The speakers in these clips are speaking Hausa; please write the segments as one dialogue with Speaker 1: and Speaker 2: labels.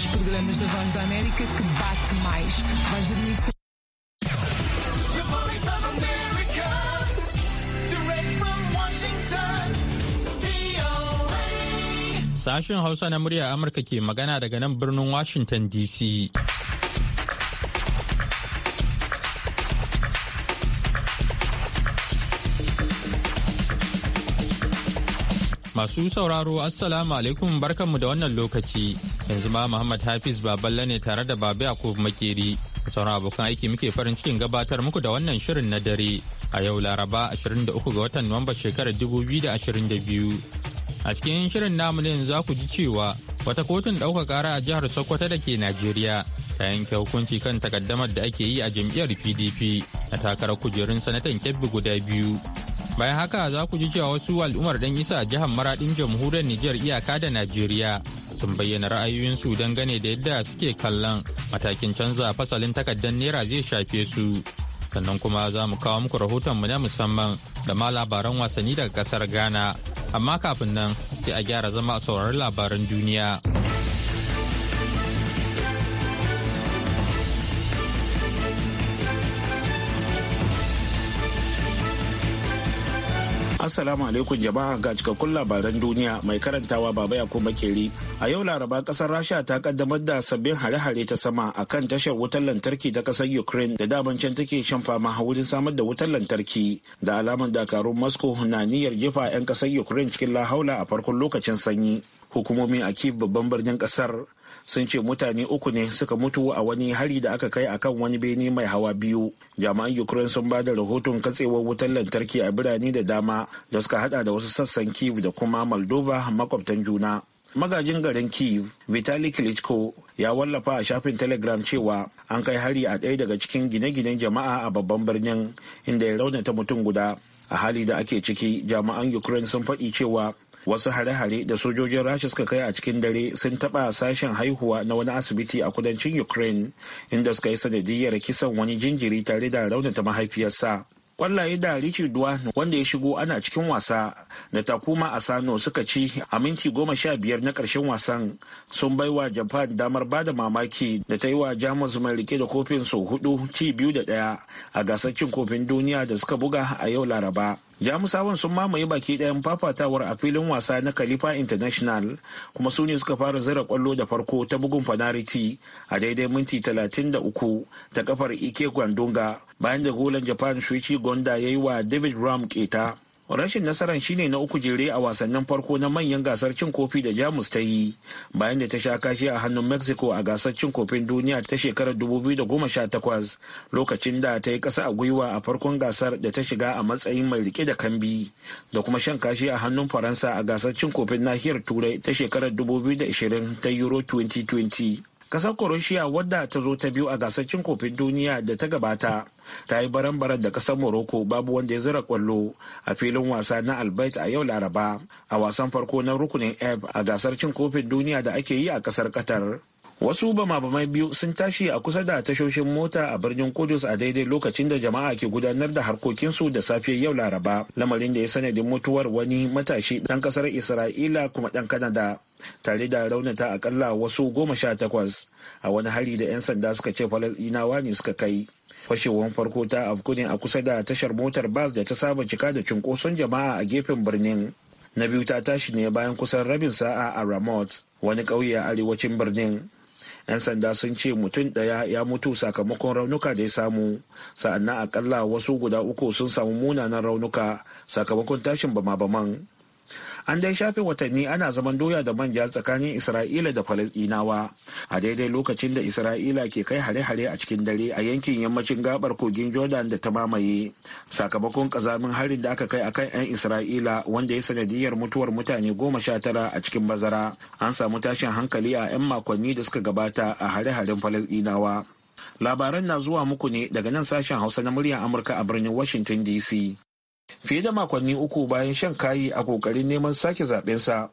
Speaker 1: dos programas da Voz da América que bate mais. Vais dormir sem...
Speaker 2: Sashen Hausa na murya Amurka ke magana daga nan birnin Washington DC. Masu sauraro, Assalamu alaikum barkanmu da wannan lokaci. yanzu ma Muhammad Hafiz Baballe ne tare da Babu Yakub Makeri. Sauran abokan aiki muke farin cikin gabatar muku da wannan shirin na dare a yau Laraba 23 ga watan Nuwamba shekarar 2022. A cikin shirin namu ne za ku ji cewa wata kotun ɗaukar ƙara a jihar Sokoto da ke Najeriya ta yanke hukunci kan takaddamar da ake yi a jam'iyyar PDP a takarar kujerun sanatan Kebbi guda biyu. bayan haka za ku ji cewa wasu al'ummar dan isa a jihar maradin jamhuriyar nijar iyaka da najeriya sun bayyana ra'ayoyinsu dangane da yadda suke kallon matakin canza fasalin takardar naira zai shafe su sannan kuma za mu kawo muku rahoton mu na musamman da ma labaran wasanni daga kasar ghana amma kafin nan sai a gyara zama a sauraron labaran duniya.
Speaker 3: Assalamu alaikum jama'a ga cikakkun labaran duniya mai karantawa baba ya kuma A yau laraba kasar Rasha ta kaddamar da sabbin hare-hare ta sama a kan tashar wutar lantarki ta kasar Ukraine da daman can take shan fama wurin samar da wutar lantarki da alamar dakarun Moscow na niyyar jefa 'yan kasar Ukraine cikin lahaula a farkon lokacin sanyi. Hukumomi a Kif babban birnin kasar sun ce mutane uku ne suka mutu a wani hari da aka kai akan wani bene mai hawa biyu jami'an ukraine sun ba da rahoton katsewar wutar lantarki a birane da dama da suka hada da wasu sassan kiev da kuma moldova makwabtan juna magajin garin kiev vitali klitschko ya wallafa a shafin telegram cewa an kai hari a ɗaya daga cikin gine-ginen jama'a a babban birnin inda ya raunata mutum guda a hali da ake ciki jami'an ukraine sun faɗi cewa wasu hare-hare da sojojin rasha suka kai a cikin dare sun taɓa sashen haihuwa na wani asibiti a kudancin ukraine inda suka yi sanadiyyar kisan wani jinjiri tare da raunata mahaifiyarsa kwallaye da Richard Duan wanda ya shigo ana cikin wasa da Takuma Asano suka ci a minti goma sha biyar na ƙarshen wasan sun bai wa Japan damar bada mamaki da ta yi wa Jamus mai rike da kofin sau hudu ci biyu da ɗaya a gasar cin kofin duniya da suka buga a yau Laraba. jamusawan sun mamaye baki ɗayan fafatawar a filin wasa na khalifa international kuma su ne suka fara zira kwallo da farko ta bugun fanariti a daidai minti 33 ta kafar ike gwandunga bayan da golan japan shuichi gonda ya yi wa david ram keta rashin nasarar shine na uku jere a wasannin farko na manyan gasar cin kofi da jamus ta yi bayan da ta sha kashi a hannun mexico a gasar cin kofin duniya ta shekarar 2018 lokacin da ta yi kasa a gwiwa a farkon gasar da ta shiga a matsayin mai rike da kambi da kuma shan kashi a hannun faransa a gasar cin kofin nahiyar turai ta shekarar 2020 ta euro 2020 Kasar Croatia wadda ta zo ta biyu a gasar cin kofin duniya da ta gabata ta yi baran-baran da kasar Morocco babu wanda ya zira kwallo a filin wasa na Albert a yau Laraba a wasan farko na rukunin F a gasar cin kofin duniya da ake yi a kasar Qatar. wasu bama-bamai biyu sun tashi a kusa da tashoshin mota a birnin kudus a daidai lokacin da jama'a ke gudanar da harkokinsu da safiyar yau laraba lamarin da ya sanadin mutuwar wani matashi dan kasar isra'ila kuma dan kanada tare da raunata akalla wasu goma sha takwas a wani hari da 'yan sanda suka ce falasɗinawa ne suka kai fashewar farko ta afku ne a kusa da tashar motar bas da ta saba cika da cunkoson jama'a a gefen birnin na biyu ta tashi ne bayan kusan rabin sa'a a ramot wani ƙauye a arewacin birnin 'yan sanda sun ce mutum ɗaya ya mutu sakamakon raunuka da ya samu sa'annan akalla wasu guda uku sun samu munanan raunuka sakamakon tashin bama-baman an dai shafe watanni ana zaman doya da manja tsakanin isra'ila da Falasɗinawa. a daidai lokacin da isra'ila ke kai hare-hare a cikin dare a yankin yammacin gabar kogin jordan da ta mamaye sakamakon kazamin harin da aka kai akan 'yan isra'ila wanda ya sanadiyar mutuwar mutane goma sha tara a cikin bazara an samu tashin hankali a 'yan makonni da suka gabata a hare-haren Falasɗinawa. labaran na zuwa muku ne daga nan sashen hausa na muryar amurka a birnin washington dc fiye da makonni uku bayan shan kayi a kokarin neman sake sa.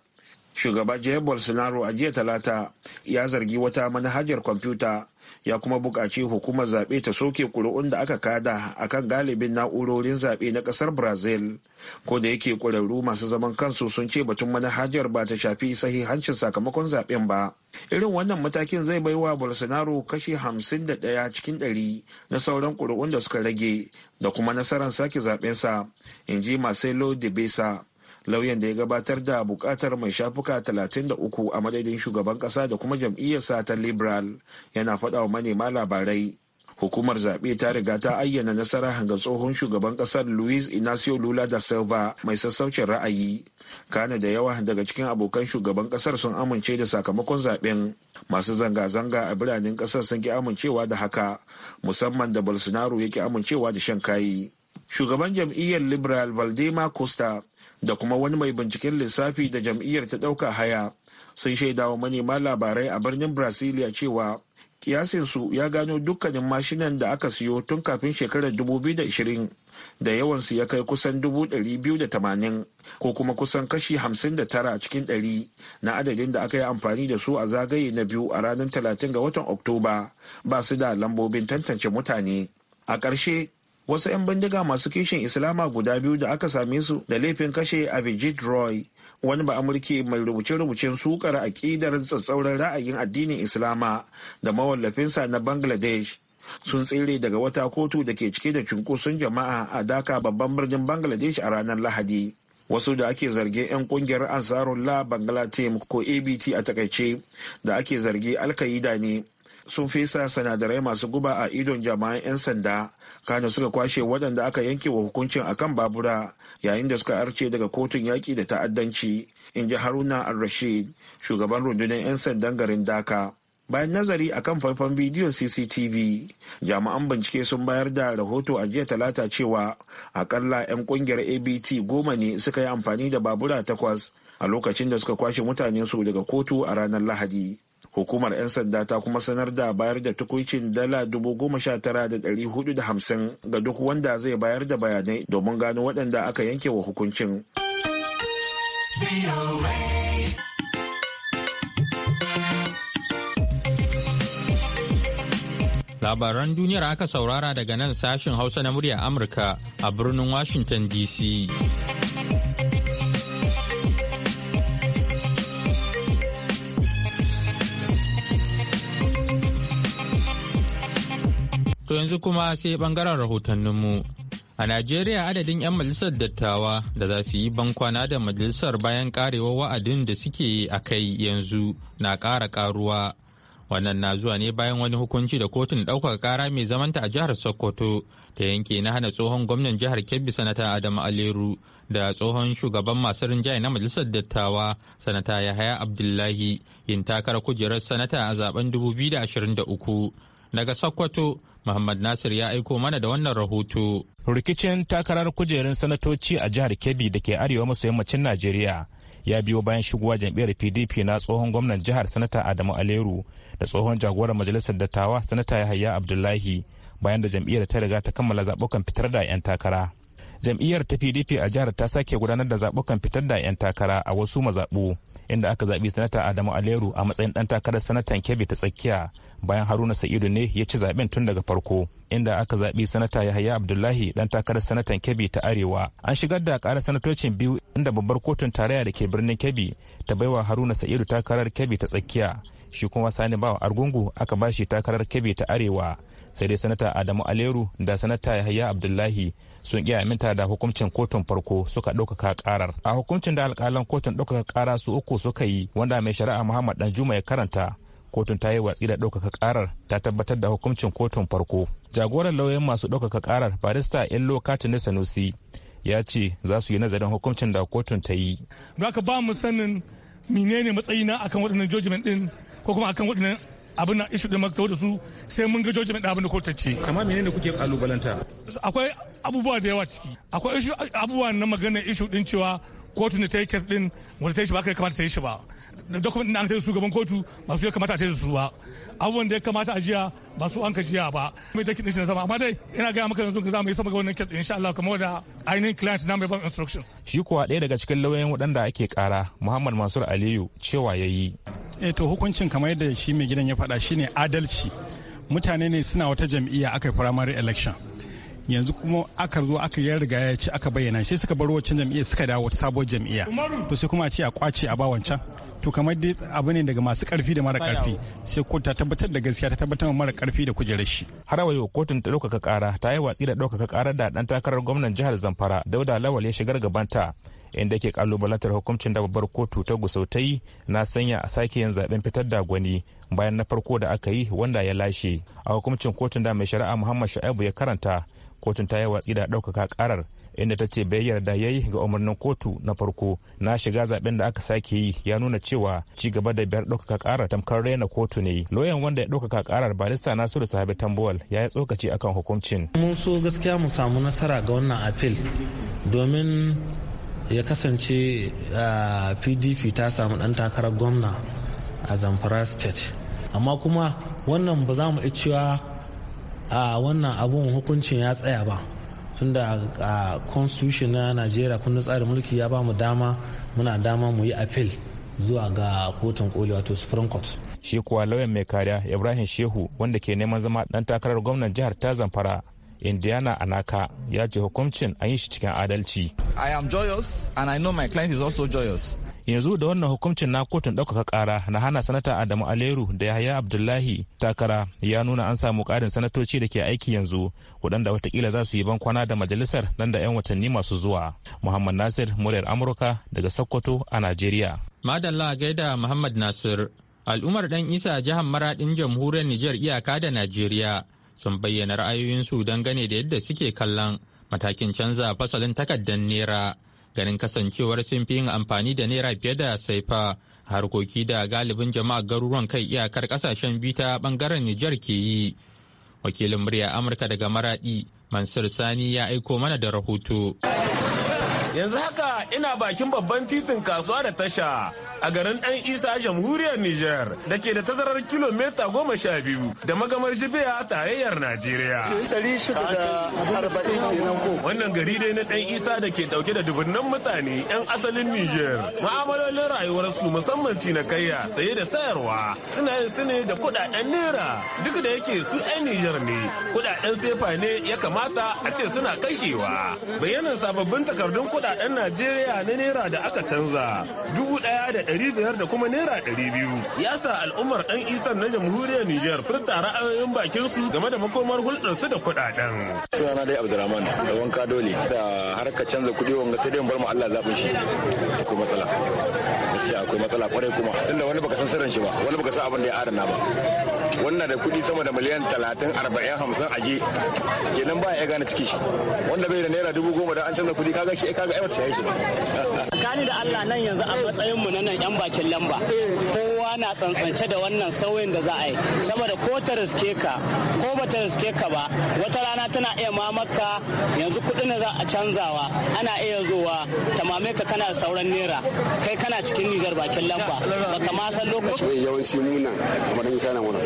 Speaker 3: shugaba jihar bolsonaro a jiya talata ya zargi wata manhajar kwamfuta ya kuma buƙaci hukumar zaɓe ta soke ƙuri'un da aka kada a kan galibin na'urorin zaɓe na ƙasar brazil ko da yake ƙwararru masu zaman kansu sun ce batun manhajar ba ta shafi sahihancin sakamakon zaɓen ba irin wannan matakin zai bai wa bolsonaro kashi hamsin da ɗaya cikin ɗari na sauran ƙuri'un da suka rage da kuma nasarar sake zaɓensa in ji marcelo de besa lauyan da ya gabatar da bukatar mai shafuka 33 a madadin shugaban kasa da kuma jam'iyyar ta liberal yana faɗa wa manema labarai hukumar zaɓe ta riga ta ayyana nasara ga tsohon shugaban ƙasar luis inacio lula da silva mai sassaucin ra'ayi kana da yawa daga cikin abokan shugaban ƙasar sun amince da sakamakon zaɓen masu zanga-zanga a biranen ƙasar sun ki amincewa da haka musamman da bolsonaro ki amincewa da shan kayi shugaban jam'iyyar liberal valdema costa da kuma wani mai binciken lissafi da jam'iyyar ta ɗauka haya sun shaidawa manema labarai a birnin brasilia cewa kiyasinsu ya gano dukkanin mashinan da aka siyo tun kafin shekarar 2020 da yawansu ya kai kusan 280 ko kuma kusan kashi 59 tara cikin 100 na adadin da aka yi amfani da su a zagaye na biyu a ranar 30 ga watan oktoba ba su da lambobin tantance mutane a ƙarshe wasu 'yan bindiga masu kishin islama guda biyu da aka same su da laifin kashe avijit roy wani ba amurki mai rubuce-rubucen sukar aƙidar tsatsauran ra'ayin addinin islama da mawallafinsa na bangladesh sun tsere daga wata kotu da ke cike da cunkoson jama'a a daka babban birnin bangladesh a ranar lahadi wasu da ake zarge 'yan kungiyar ansarullah bangla team ko abt a takaice da ake zarge alkaida ne sun sa sanadarai masu guba a idon jama'an 'yan sanda kano suka kwashe waɗanda aka yanke wa hukuncin akan babura yayin da suka arce daga kotun yaƙi da ta'addanci in ji haruna al-rashid shugaban rundunar 'yan sandan garin daka bayan nazari akan faifan bidiyon cctv jami'an bincike sun bayar da rahoto a jiya talata cewa akalla 'yan kungiyar abt goma ne suka yi amfani da babura takwas a lokacin da suka kwashe mutanen su daga kotu a ranar lahadi hukumar 'yan sanda ta kuma sanar da bayar da tukuncin dala hamsin ga duk wanda zai bayar da bayanai domin gano waɗanda aka yanke wa hukuncin
Speaker 2: labaran duniyar aka saurara daga nan sashin hausa na murya amurka a birnin washington dc To yanzu kuma sai bangaren rahotanninmu. A Najeriya adadin 'yan majalisar dattawa da za su yi bankwana da majalisar bayan karewa wa'adin da suke a kai yanzu na ƙara karuwa Wannan na zuwa ne bayan wani hukunci da kotun ɗaukar ƙara mai zamanta a jihar Sokoto ta yanke na hana tsohon gwamnan jihar Kebbi sanata Adamu Aleru da tsohon shugaban masu rinjaye na majalisar dattawa sanata Yahaya Abdullahi yin takarar kujerar sanata a zaben 2023. Daga Sokoto Muhammad Nasir ya aiko mana da wannan rahoto.
Speaker 1: Rikicin takarar kujerun sanatoci a jihar Kebbi da ke arewa maso yammacin Najeriya ya biyo bayan shigowa jam'iyyar PDP na tsohon gwamnan jihar Sanata Adamu Aleru da tsohon jagorar majalisar dattawa Sanata Yahaya Abdullahi bayan da jam'iyyar ta riga ta kammala zaɓukan fitar da 'yan takara. jam'iyyar ta pdp a jihar ta sake gudanar da zaɓukan fitar da 'yan takara a wasu mazaɓu inda aka zaɓi sanata adamu aleru a matsayin ɗan takarar sanatan kebbi ta tsakiya bayan haruna sa'idu ne ya ci zaɓen tun daga farko inda aka zaɓi sanata yahaya abdullahi ɗan takarar sanatan kebbi ta arewa an shigar da ƙarar sanatocin biyu inda babbar kotun tarayya da ke birnin kebbi ta baiwa haruna sa'idu takarar kebbi ta tsakiya shi kuma sani bawa argungu aka ba shi takarar kebbi ta arewa sai dai sanata adamu aleru da sanata yahaya abdullahi sun iya aminta da hukuncin kotun farko suka ɗaukaka karar a hukuncin da alkalan kotun ɗaukaka kara su uku suka yi wanda mai shari'a muhammad danjuma ya karanta kotun ta yi watsi da ɗaukaka karar ta tabbatar da hukuncin kotun farko jagoran lauyan masu ɗaukaka karar barista illo katini sanusi ya ce za su yi nazarin hukuncin da kotun ta yi. ba mu sanin menene matsayina akan waɗannan judgment ɗin ko kuma akan waɗannan abin na ishu da maka da su sai mun ga jojo da abin da kotar ce kamar menene kuke kalubalanta akwai abubuwa da yawa ciki akwai ishu abubuwa na magana ishu din cewa kotu ne ta yi kes din wanda ta yi shi ba kai kamata ta yi shi ba da dokumentin da an kai gaban kotu ba su ya kamata a yi su ba abubuwan da ya kamata a jiya ba su an ka jiya ba mai ta din shi na sama amma dai ina gaya maka yanzu za mu yi sama ga wannan kes insha Allah kamar da ainihin client na mai instruction shi kuwa ɗaya daga cikin lauyoyin waɗanda ake ƙara Muhammad Mansur Aliyu cewa yi. e to hukuncin kamar yadda shi mai gidan ya faɗa ne adalci mutane ne suna wata jam'iyya aka yi primary election yanzu kuma aka zo aka yi riga ya ci aka bayyana shi suka bar wancan jam'iyya suka dawo wata sabuwar jam'iyya to sai kuma a ce a kwace a ba wancan to kamar dai abu ne daga masu karfi da mara karfi sai kotu ta tabbatar da gaskiya ta tabbatar mara karfi da kujerar shi har wayo kotun ta ɗaukaka kara ta yi watsi da daukaka kara da dan takarar gwamnan jihar zamfara dauda lawal ya shigar gabanta inda ke kalubalantar hukumcin da babbar kotu ta gusau ta na sanya a sake yin zaben fitar da gwani bayan na farko da aka yi wanda ya lashe a hukumcin kotun da mai shari'a muhammad sha'ibu ya karanta kotun ta yi watsi da ɗaukaka karar inda ta ce bai yarda ya yi ga umarnin kotu na farko na shiga zaben da aka sake yi ya nuna cewa ci gaba da biyar ɗaukaka karar tamkar raina kotu ne loyan wanda ya ɗaukaka karar balista nasiru sahabi tambuwal ya yi tsokaci akan hukumcin.
Speaker 3: mun so gaskiya mu samu nasara ga wannan apil domin ya kasance
Speaker 1: pdp ta samu dan takarar gwamna a zamfara state amma kuma
Speaker 3: wannan ba za mu cewa a wannan abun hukuncin ya tsaya ba tunda a constitution na najeriya kundin tsarin mulki ya ba mu dama muna
Speaker 1: dama mu yi appeal zuwa ga kotun koli wato supreme court shi kuwa lauyan mai kariya ibrahim shehu wanda ke neman zama dan takarar gwamnan jihar ta zamfara indiana anaka ya ce hukuncin an yi shi cikin adalci
Speaker 4: i am joyous and i know my client is also joyous
Speaker 1: yanzu da wannan hukuncin na kotun ɗaukaka ƙara na hana sanata adamu aleru da yahaya abdullahi takara ya nuna an samu ƙarin sanatoci da ke aiki yanzu waɗanda watakila za su yi ban kwana da majalisar nan da 'yan watanni masu zuwa muhammad nasir muryar amurka daga sokoto a najeriya
Speaker 2: madalla gaida muhammad nasir al'ummar dan isa jihar maradin jamhuriyar Nijar iyaka da najeriya sun bayyana ra'ayoyinsu gane da yadda suke kallon matakin canza fasalin takardar naira ganin kasancewar sun fi yin amfani da naira fiye da saifa harkoki da galibin jama'a garuruwan kai iyakar kasashen biyu ta bangaren Nijar ke yi. Wakilin murya Amurka daga Maradi, Mansur Sani ya aiko mana da rahoto.
Speaker 5: Yanzu haka ina bakin babban titin kasuwa da tasha a garin ɗan isa jamhuriyar Nijar da ke da tazarar kilomita goma sha biyu da magamar jibiya tarayyar najeriya wannan gari dai na ɗan isa da ke ɗauke da dubunnan mutane yan asalin Nijar. ma'amalolin rayuwarsu musamman cinikayya saye da sayarwa suna yin su ne da kuɗaɗen naira duk da yake su yan Nijar ne kuɗaɗen sefa ne ya kamata a ce suna kashewa bayanan sababbin takardun kuɗaɗen najeriya na naira da aka canza dubu ɗaya da 500 biyar da kuma naira 200 biyu ya sa al'ummar ɗan isan na jamhuriyar niger furta ra'ayoyin bakin su game da makomar hulɗar su da kuɗaɗen. sunana dai abdurrahman
Speaker 4: da wanka dole da harka canza kuɗi wanga sai dai bar mu allah zaɓin shi akwai matsala gaskiya akwai matsala kwarai kuma tunda wani baka san sirrin shi ba wani baka san abin da ya adana ba wannan da kuɗi sama da miliyan talatin arba'in hamsin aje kenan ba ya gane ciki
Speaker 5: wanda bai da naira dubu goma da an canza kuɗi kaga shi kaga ai mata shi ba.
Speaker 6: gani da allah nan yanzu a matsayin mu na nan ne dan bakin lamba kowa na tsantsance da wannan sauyin da za a yi saboda ko ta riske ka ko ba ta riske ka ba wata rana tana iya mamaka yanzu kuɗin ne za a canzawa ana iya zowa ta mame ka kana sauran nera kai kana cikin nijar bakin lamba
Speaker 5: baka ma san lokaci yawanci muna kamar isa na muna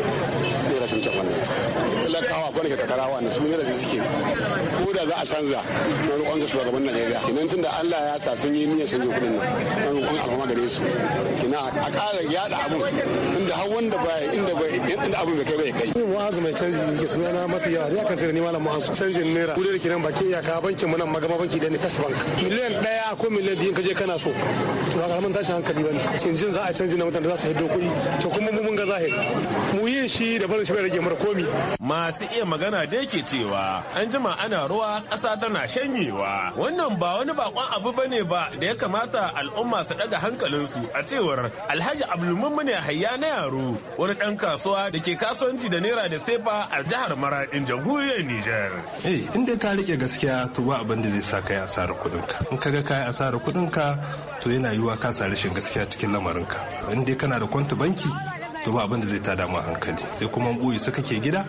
Speaker 5: naira sun kyan wannan
Speaker 7: talakawa ko ne ka
Speaker 5: kakara wa su naira su suke ko da za a canza na roƙon ga shugaban najeriya idan tun da allah ya sa sun yi niyyar canjin kuɗin nan na roƙon alfama gare su kina a ƙara yada abu da har wanda baya inda ba inda abin bai kai bai kai wa'azu mai canji ke suna na mafi yawa ne akan da ni malam mu'azu canjin naira kudin kiran baki iyaka bankin mu nan magama banki da ne kas bank miliyan daya ko miliyan biyu kaje kana so to ba karamin tashin hankali bane kin jin za a canji na mutane za su hiddo kuɗi to kuma mu mun ga zahiri mu yin shi da barin shi bai rage mara komi masu iya magana da yake cewa an jima ana ruwa ƙasa tana shanyewa wannan ba wani bakon abu bane ba da ya kamata al'umma su daga hankalinsu a cewar alhaji abdulmumin ne hayya na Yaro wani ɗan kasuwa da ke kasuwanci da naira da sefa a jihar Maraɗin jamhuriyar Nijar. Eh in dai ka rike gaskiya to ba abin da zai sa kai asarar kuɗinka. In ka ga kai asarar kuɗinka to yana yiwuwa ka sa rashin gaskiya cikin lamarinka. In dai kana da kwanta banki to ba abin da zai tada ma hankali. Sai kuma ɓoye suka ke gida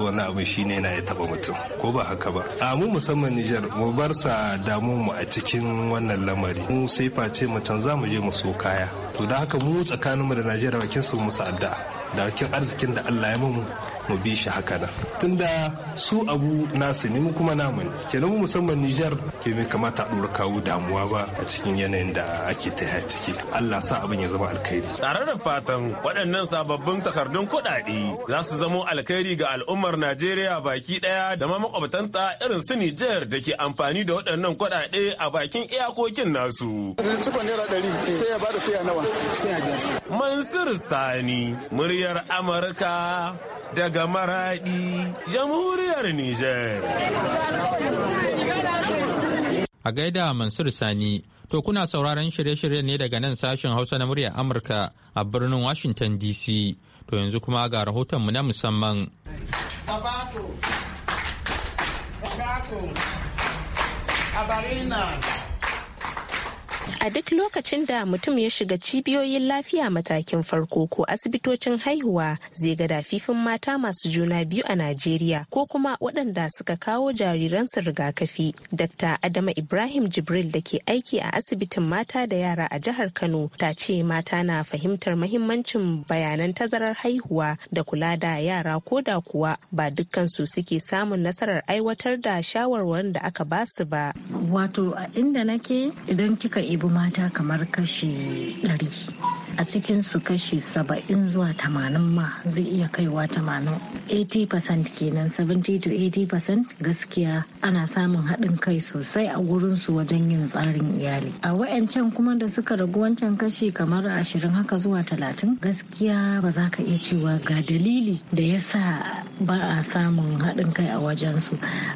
Speaker 5: wani abu shine na ya taba mutum ko ba haka ba a mu musamman Nijar mu bar sa damu mu a cikin wannan lamari mu sai face mu can za mu je mu so kaya to da haka mu tsakanin mu da Najeriya bakin su musu addu'a da bakin arzikin da Allah ya mu mu bi shi haka nan tunda su abu nasu ne mu kuma namu ne kenan mu musamman Nijar ke mai kamata a ɗora kawo damuwa ba a cikin yanayin da ake ta ciki Allah sa abin ya zama alkhairi tare da fatan waɗannan sababbin takardun kuɗaɗe za su zamo alkhairi ga al'ummar Najeriya baki ɗaya da ma makwabtanta irin su Nijar da ke amfani da waɗannan kuɗaɗe a bakin iyakokin nasu Mansur Sani muryar Amurka
Speaker 2: daga Maraɗi, jamhuriyar Nijar. A gaida Mansur Sani, to kuna sauraron shirye-shiryen ne daga nan sashen Hausa na muryar Amurka a birnin Washington DC. To yanzu kuma ga rahotonmu na musamman.
Speaker 7: Abarina.
Speaker 8: A duk lokacin da mutum ya shiga cibiyoyin lafiya matakin farko ko asibitocin haihuwa zai ga dafifin mata masu juna biyu a Najeriya ko kuma waɗanda suka kawo jariransu rigakafi. Dr. Adama Ibrahim Jibril da ke aiki a asibitin mata da yara a jihar Kano ta ce mata na fahimtar mahimmancin bayanan tazarar haihuwa da kula da yara ko da kuwa ba dukkansu suke samun nasarar aiwatar da shawarwarin da aka basu ba. Wato a inda nake idan kika ibi mata kamar kashi ɗari a cikin su kashi 70 zuwa 80 ma zai iya kaiwa 80 80% kenan 70 to 80% gaskiya ana samun haɗin kai sosai a gurin su wajen yin tsarin iyali a wayancan kuma da suka ragu wancan kashi kamar 20 haka zuwa 30 gaskiya ba za ka iya cewa ga dalili da ya sa ba a samun haɗin kai a wajen su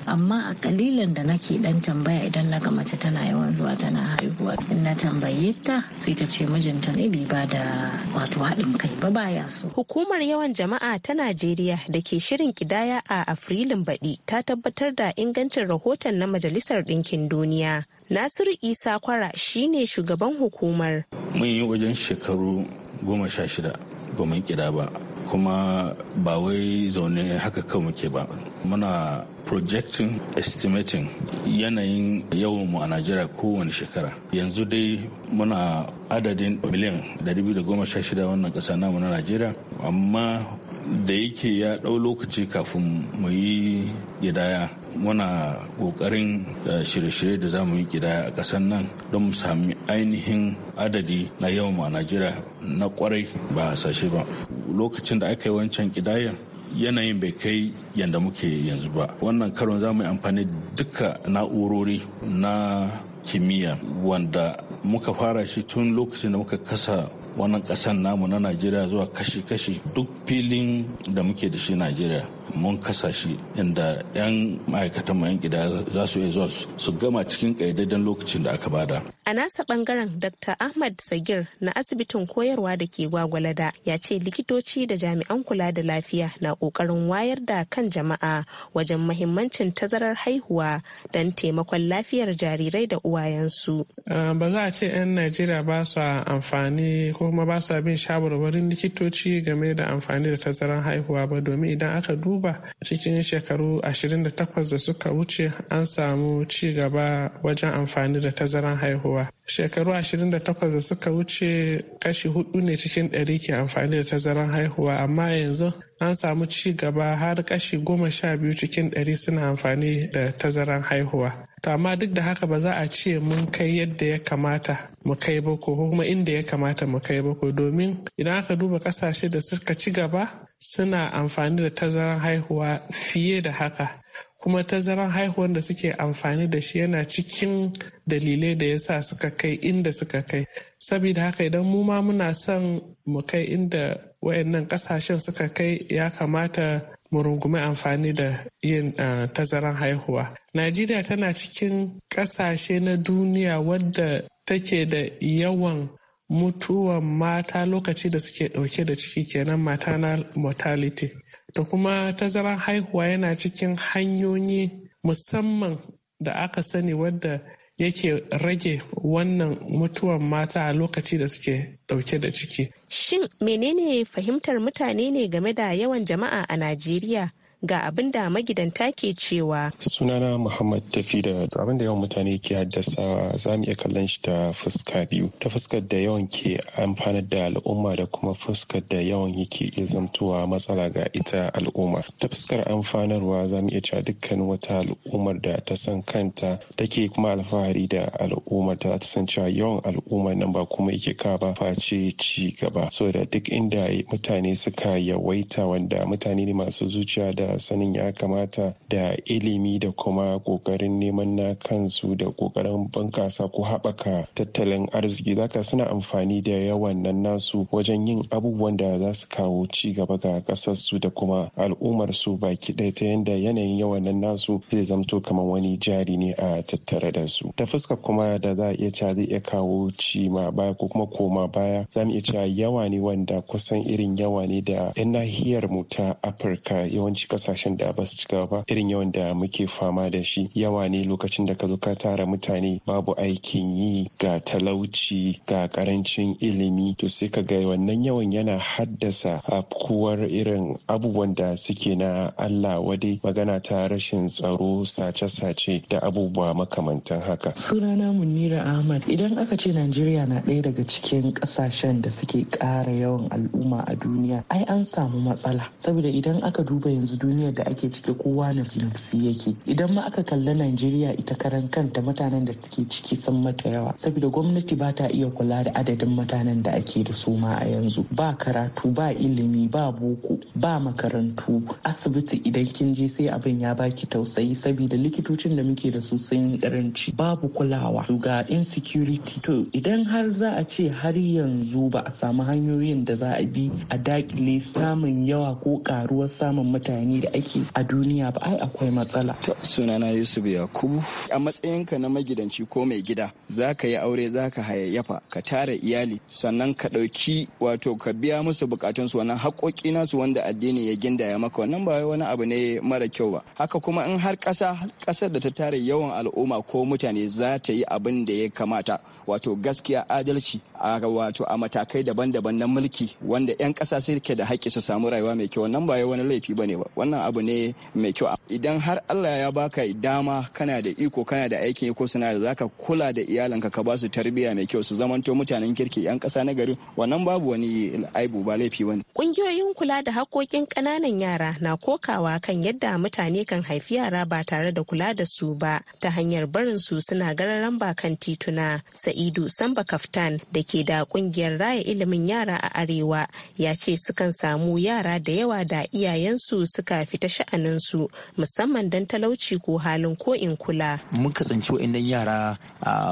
Speaker 8: amma a kalilan da nake dan tambaya idan na ga mace tana yawan zuwa tana haihuwa in na tambaye ta sai ta ce mijinta ne bai ba da wato haɗin kai ba baya so. Hukumar yawan jama'a ta Najeriya da ke shirin kidaya a Afrilun baɗi ta tabbatar da ingancin rahoton na Majalisar Ɗinkin Duniya. Nasiru Isa Kwara shine shugaban hukumar.
Speaker 4: Mun yi wajen shekaru goma sha shida ba mun kira ba kuma ba wai zaune haka kan muke ba muna projecting estimating yanayin mu a najeriya kowane shekara yanzu dai muna adadin miliyan 216 wannan ƙasa namu na najeriya amma da yake ya ɗau lokaci kafin mu yi gidaya muna kokarin shirye-shirye da zamu yi kidaya a ƙasar nan don mu sami ainihin adadi na yawan a najeriya na ƙwarai ba hasashe ba lokacin da aka yi wancan kidayan yanayin bai kai yadda muke yanzu ba wannan karon za mu yi amfani duka na'urori na kimiyya wanda muka fara shi tun lokacin da muka kasa wannan kasan namu na najeriya zuwa kashi-kashi duk filin da muke da shi najeriya mun kasa shi inda 'yan ma'aikatan mayan gida za su iya zuwa su gama cikin ƙayyadadden lokacin da aka bada.
Speaker 8: A nasa ɓangaren Dr. Ahmad Sagir na asibitin koyarwa da ke Gwagwalada ya ce likitoci da jami'an kula da lafiya na ƙoƙarin wayar da kan jama'a wajen mahimmancin tazarar haihuwa don taimakon lafiyar jarirai da uwayensu.
Speaker 9: Ba za a ce 'yan Najeriya ba su amfani ko kuma ba su bin shawarwarin likitoci game da amfani da tazarar haihuwa ba domin idan aka duba duba cikin shekaru 28 da suka wuce an samu ci gaba wajen amfani da tazaran haihuwa shekaru 28 da suka wuce kashi hudu ne cikin ɗari ke amfani da tazaran haihuwa amma yanzu an samu ci gaba har kashi goma sha biyu cikin ɗari suna amfani da tazaran haihuwa to amma duk da haka ba za a ce mun kai yadda ya kamata mu kai ba ko kuma inda ya kamata mu kai ba domin idan aka duba kasashe da suka ci gaba suna amfani da tazaran haihuwa fiye da haka kuma tazaran haihuwar da suke amfani da shi yana cikin dalilai da ya sa suka kai inda suka kai saboda haka idan mu ma muna son mu kai inda wayannan kasashen suka kai ya kamata mu rungumi amfani da yin ah, tazaran haihuwa. Najeriya tana cikin kasashe na duniya wadda take da yawan mutuwan mata lokaci da suke ɗauke da ciki kenan maternal mortality da kuma tazaran haihuwa yana cikin hanyoyi musamman da aka sani wadda yake rage wannan mutuwan mata a lokaci da suke dauke da ciki.
Speaker 8: Shin menene fahimtar mutane ne game da yawan jama'a a Najeriya ga abin da magidanta ke cewa.
Speaker 9: Sunana Muhammad tafi
Speaker 7: da abin da yawan mutane ke haddasa za mu iya kallon shi da fuska biyu. Ta fuskar da yawan ke amfanar da al'umma da kuma fuskar da yawan yake iya zamtowa matsala ga ita al'umma. Ta fuskar amfanarwa za mu iya cewa dukkan wata al'ummar da ta san kanta take kuma alfahari da al'ummar ta ta san cewa yawan al'umma nan ba kuma yake ka ba face ci gaba. Saboda duk inda mutane suka yawaita wanda mutane ne masu zuciya da sanin ya kamata da ilimi da kuma kokarin neman na kansu da kokarin bunkasa ko haɓaka tattalin arziki zaka suna amfani da yawan nan nasu wajen yin abubuwan da za su kawo ci gaba ga ƙasarsu da kuma al'ummarsu baki ɗaya ta yadda yanayin yawan nan nasu zai zamto kamar wani jari ne a tattare da su ta fuska kuma da za a iya cewa zai iya kawo ci ma baya ko kuma koma baya za mu iya cewa yawa ne wanda kusan irin yawa ne da 'yan nahiyar mu ta afirka yawanci kasashen da ba su cika ba irin yawan da muke fama da shi yawa ne lokacin da ka zo ka tara mutane babu aikin yi ga talauci ga karancin ilimi to sai ka ga wannan yawan yana haddasa afkuwar irin abubuwan da suke na Allah wadai magana ta rashin tsaro sace-sace da abubuwa makamantan haka.
Speaker 1: Sunana Munira Ahmad idan aka ce Najeriya na ɗaya daga cikin ƙasashen da suke ƙara yawan al'umma a duniya ai an samu matsala saboda idan aka duba yanzu duniya duniyar da ake ciki kowa na nafsi yake idan ma aka kalli najeriya ita karan kanta mutanen da take ciki sun mata yawa saboda gwamnati ba ta iya kula da adadin mutanen da ake da su ma a yanzu ba karatu ba ilimi ba boko ba makarantu asibiti idan kin je sai abin ya baki tausayi saboda likitocin da muke da su sun yi karanci babu kulawa ga insecurity to idan har za a ce har yanzu ba a samu hanyoyin da za a bi a dakile samun yawa ko karuwar samun mutane da ake a duniya ba ai akwai matsala.
Speaker 6: sunana yusuf yakubu a matsayinka na magidanci ko mai gida za ka yi aure za ka hayayyafa ka tara iyali sannan ka ɗauki wato ka biya musu bukatunsu wannan haƙoƙi nasu wanda addini ya gindaya maka wannan ba wani abu ne mara kyau ba haka kuma in har ƙasa ƙasar da ta tara yawan al'umma ko mutane za ta yi abin da ya kamata wato gaskiya adalci a wato a matakai daban-daban na mulki wanda 'yan ƙasa suke da haƙƙi su samu rayuwa mai kyau wannan ba wani laifi ba ne ba wannan abu ne mai kyau idan har Allah ya baka dama kana da iko kana da aikin iko suna da zaka kula da iyalanka ka basu su tarbiyya mai kyau su zamanto mutanen kirki yan kasa na gari wannan babu wani aibu ba laifi wani
Speaker 8: kungiyoyin kula da hakokin ƙananan yara na kokawa kan yadda mutane kan haifi yara ba tare da kula da su ba ta hanyar barin su suna gararan bakan tituna sa'idu samba kaftan da ke da kungiyar raya ilimin yara a arewa ya ce sukan samu yara da yawa da iyayensu suka suka fita sha'aninsu musamman don talauci ko halin ko in kula.
Speaker 1: Mun kasance wa'annan yara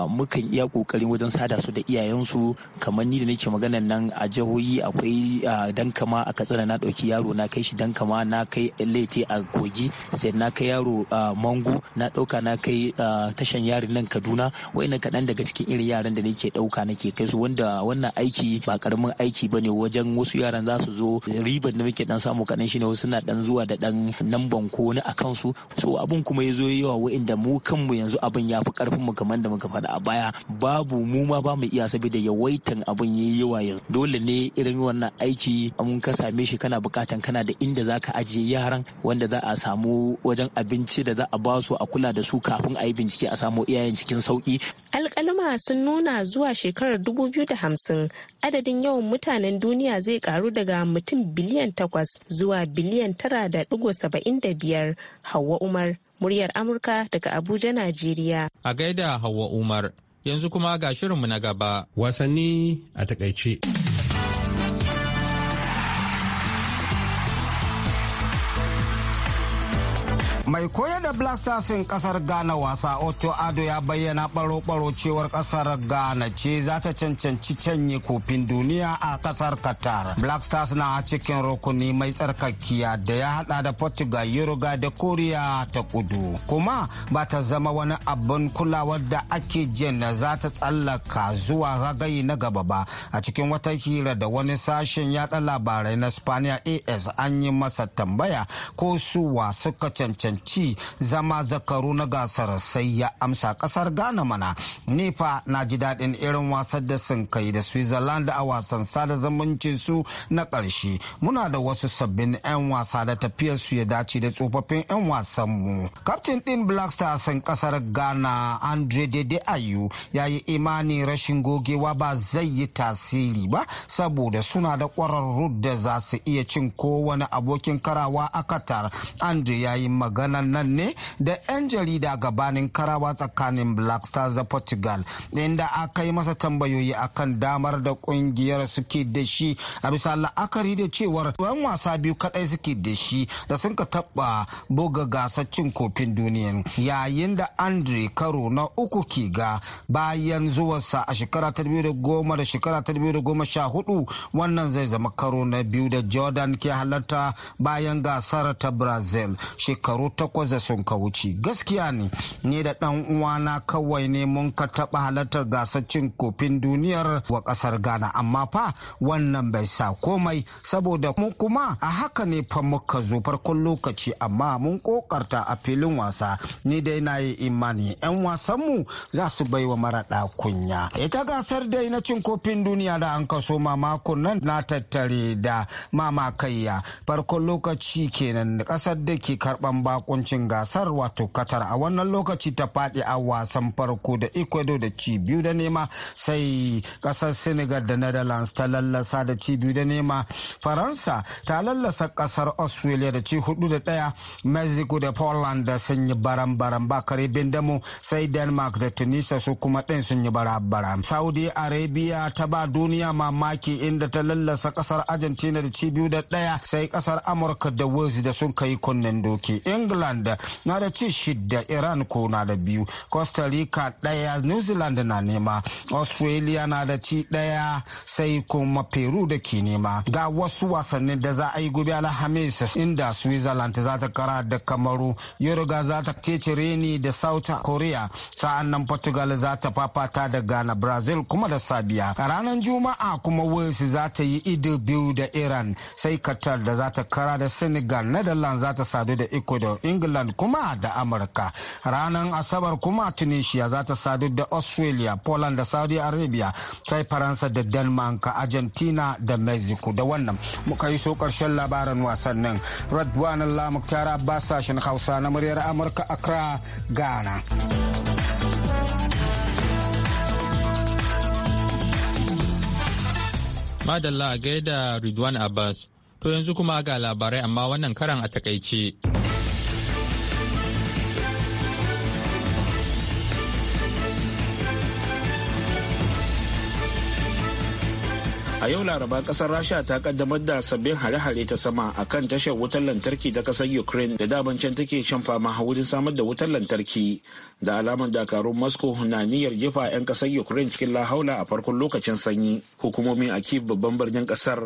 Speaker 1: mukan iya kokarin wajen sada su da iyayensu kamar ni da nake magana nan a jihohi akwai dankama a katsina na ɗauki yaro na kai shi dankama na kai laite a kogi sai na kai yaro mango na ɗauka na kai tashan yarin nan kaduna wa'annan kaɗan daga cikin irin yaran da nake ɗauka nake kai su wanda wannan aiki ba karamin aiki bane wajen wasu yaran za su zo ribar da muke dan samu kaɗan ne wasu na ɗan zuwa da dan namban ko na a kansu so abun kuma ya zo yawa wa'inda mu kanmu yanzu abin ya fi karfin mu kamar da muka faɗa a baya babu mu ma ba mu iya saboda yawaitan abin yi yawa yanzu dole ne irin wannan aiki mun ka same shi kana bukatan kana da inda zaka ajiye yaran wanda za a samu wajen abinci da za a ba su a kula da su kafin a yi bincike a samu iyayen cikin sauki
Speaker 8: alƙalama sun nuna zuwa shekarar 2050 adadin yawan mutanen duniya zai karu daga mutum biliyan takwas zuwa biliyan tara da biyar Hauwa Umar, muryar Amurka daga Abuja, Najeriya.
Speaker 2: A gaida Hauwa Umar, yanzu kuma ga shirinmu na gaba. Wasanni a takaice.
Speaker 6: mai koyar da in kasar ghana wasa otto ado ya bayyana baro-baro cewar kasar ghana ce za ta cancanci canye kofin duniya a kasar qatar black stars na cikin rukuni mai tsarkakiya da ya hada da portugal yoruga da korea ta kudu kuma ba ta zama wani abin kulawar da ake jin da za ta tsallaka zuwa ragayi na gaba ba a cikin wata hira da wani sashen yada labarai na spaniya as an yi masa tambaya ko suwa suka cancanci ci zama zakaru na gasar sai ya amsa kasar ghana mana nepa na ji daɗin irin wasan da sun kai da switzerland a wasan sada zamancin su na ƙarshe muna da wasu sabbin 'yan wasa da tafiyar su ya dace da tsofaffin 'yan wasan mu kaftin ɗin black stars kasar ghana andre dede ayu ya yi imani rashin gogewa ba zai yi tasiri ba saboda suna da ƙwararru da za su iya cin kowane abokin karawa a qatar andre ya yi magana maganan nan ne da 'yan jarida gabanin karawa tsakanin black stars da portugal inda aka yi masa tambayoyi akan damar da kungiyar suke da shi a bisa la'akari da cewar yan wasa biyu kadai suke da shi da sun ka taba buga gasar cin kofin duniya yayin da andre karo na uku ga bayan zuwarsa a shekara ta biyu da goma da shekara ta biyu da goma sha hudu wannan zai zama karo na biyu da jordan ke halarta bayan gasar ta brazil shekaru takwas da sun ka wuce gaskiya ne ne da dan uwana kawai ne mun ka taba halartar gasar cin kofin duniyar wa kasar ghana amma fa wannan bai sa komai saboda mu kuma a haka ne fa muka zo farkon lokaci amma mun kokarta a filin wasa ni dai na yi imani yan wasanmu za su bai wa maraɗa kunya ita gasar dai na cin kofin duniya da an kaso ma makon nan na tattare da mamakaiya farkon lokaci kenan kasar da ke karban ba bakuncin gasar wato katar a wannan lokaci ta faɗi a wasan farko da Ecuador da ci biyu da nema sai ƙasar Senegal da Netherlands ta lallasa da ci biyu da nema Faransa ta lallasa kasar Australia da ci hudu da ɗaya Mexico da Poland da sun yi baram-baram ba kare bindamu sai Denmark da Tunisia su kuma ɗin sun yi baram-baram. Saudi Arabia ta ba duniya mamaki inda ta lallasa kasar Argentina da ci biyu da ɗaya sai ƙasar Amurka da Wales da sun kai kunnen doki. england na da ci shida iran ko na da biyu costa rica daya new zealand na nema australia na da ci daya sai kuma peru da ke nema ga wasu wasannin da za a yi gobe alhamis inda switzerland za ta kara da kamaru yoruba za ta kece reni da south korea sa'an nan portugal za ta fafata da ghana brazil kuma da sabiya a ranar juma'a kuma wales za ta yi idil biyu da iran sai qatar da za ta kara da senegal netherlands za ta sadu da ecuador england kuma da amurka ranar asabar kuma tunisia za ta sadu da australia poland da saudi arabia kai faransa da denmark argentina da mexico da wannan muka yi so karshen labaran wasannin radwan lamuk tara sashen hausa na muryar amurka accra ghana
Speaker 2: Madalla a gaida Ridwan Abbas, to yanzu kuma ga labarai amma wannan karan a takaice.
Speaker 3: a yau laraba kasar rasha ta kaddamar da sabbin hare-hare ta sama a kan tashar wutar lantarki ta kasar ukraine da daman can take shan fama wurin samar da wutar lantarki da alamar dakarun moscow na niyyar jefa 'yan kasar ukraine cikin lahaula a farkon lokacin sanyi hukumomin a kiev babban birnin kasar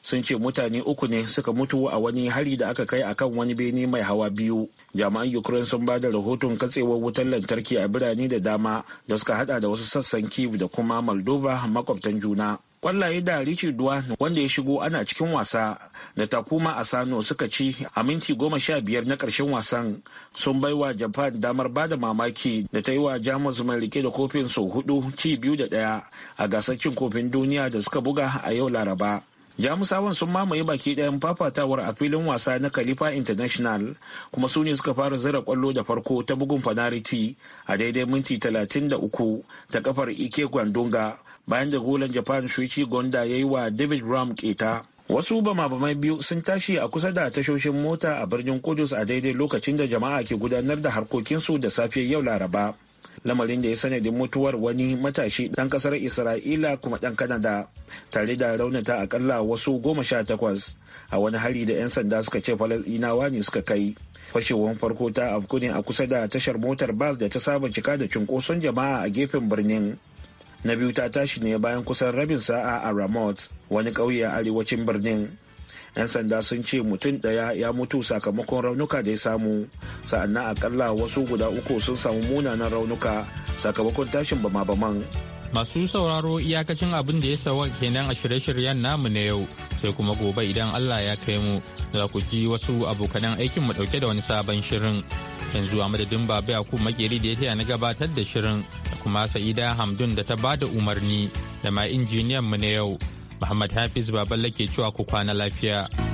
Speaker 3: sun ce mutane uku ne suka mutu a wani hari da aka kai akan wani bene mai hawa biyu jami'an ukraine sun ba da rahoton katsewar wutar lantarki a birane da dama da suka hada da wasu sassan kiev da kuma moldova makwabtan juna Kwallaye da Richard Duan wanda ya shigo ana cikin wasa da Takuma Asano suka ci a minti goma sha biyar na ƙarshen wasan sun baiwa Japan damar bada mamaki da ta yi wa Jamus mai rike da kofin sau hudu ci biyu da ɗaya a gasar cin kofin duniya da suka buga a yau Laraba. jamusawan sun mamaye baki ɗayan fafatawar a filin wasa na khalifa international kuma su ne suka fara zira kwallo da farko ta bugun fanariti a daidai minti 33 ta kafar ike gwandunga bayan da golan japan shuichi gonda ya yi wa david ram keta wasu bama-bamai biyu sun tashi a kusa da tashoshin mota a birnin kudus a daidai lokacin da jama'a ke gudanar da harkokinsu da safiyar yau laraba lamarin da ya sanadin mutuwar wani matashi dan kasar isra'ila kuma dan kanada tare da raunata akalla wasu goma sha takwas a wani hari da 'yan sanda suka ce falasɗinawa ne suka kai fashewar farko ta afku ne a kusa da tashar motar bas da ta saba cika da cunkoson jama'a a gefen birnin na biyu ta tashi ne bayan kusan rabin sa'a a ramot wani ƙauye a arewacin birnin 'yan sanda sun ce mutum ɗaya ya mutu sakamakon raunuka da ya samu sa'annan akalla wasu guda uku sun samu munanan raunuka sakamakon tashin bama-baman
Speaker 2: masu sauraro iyakacin abin da ya sawa kenan a shirye-shiryen namu na yau sai kuma gobe idan allah ya kai mu za ku ji wasu abokanan aikin mu dauke da wani sabon shirin yanzu a madadin baba ku makeri da ya taya na gabatar da shirin da kuma sa'ida hamdun da ta ba da umarni da ma injiniyan mu na yau muhammad hafiz baballe ke cewa ku kwana lafiya.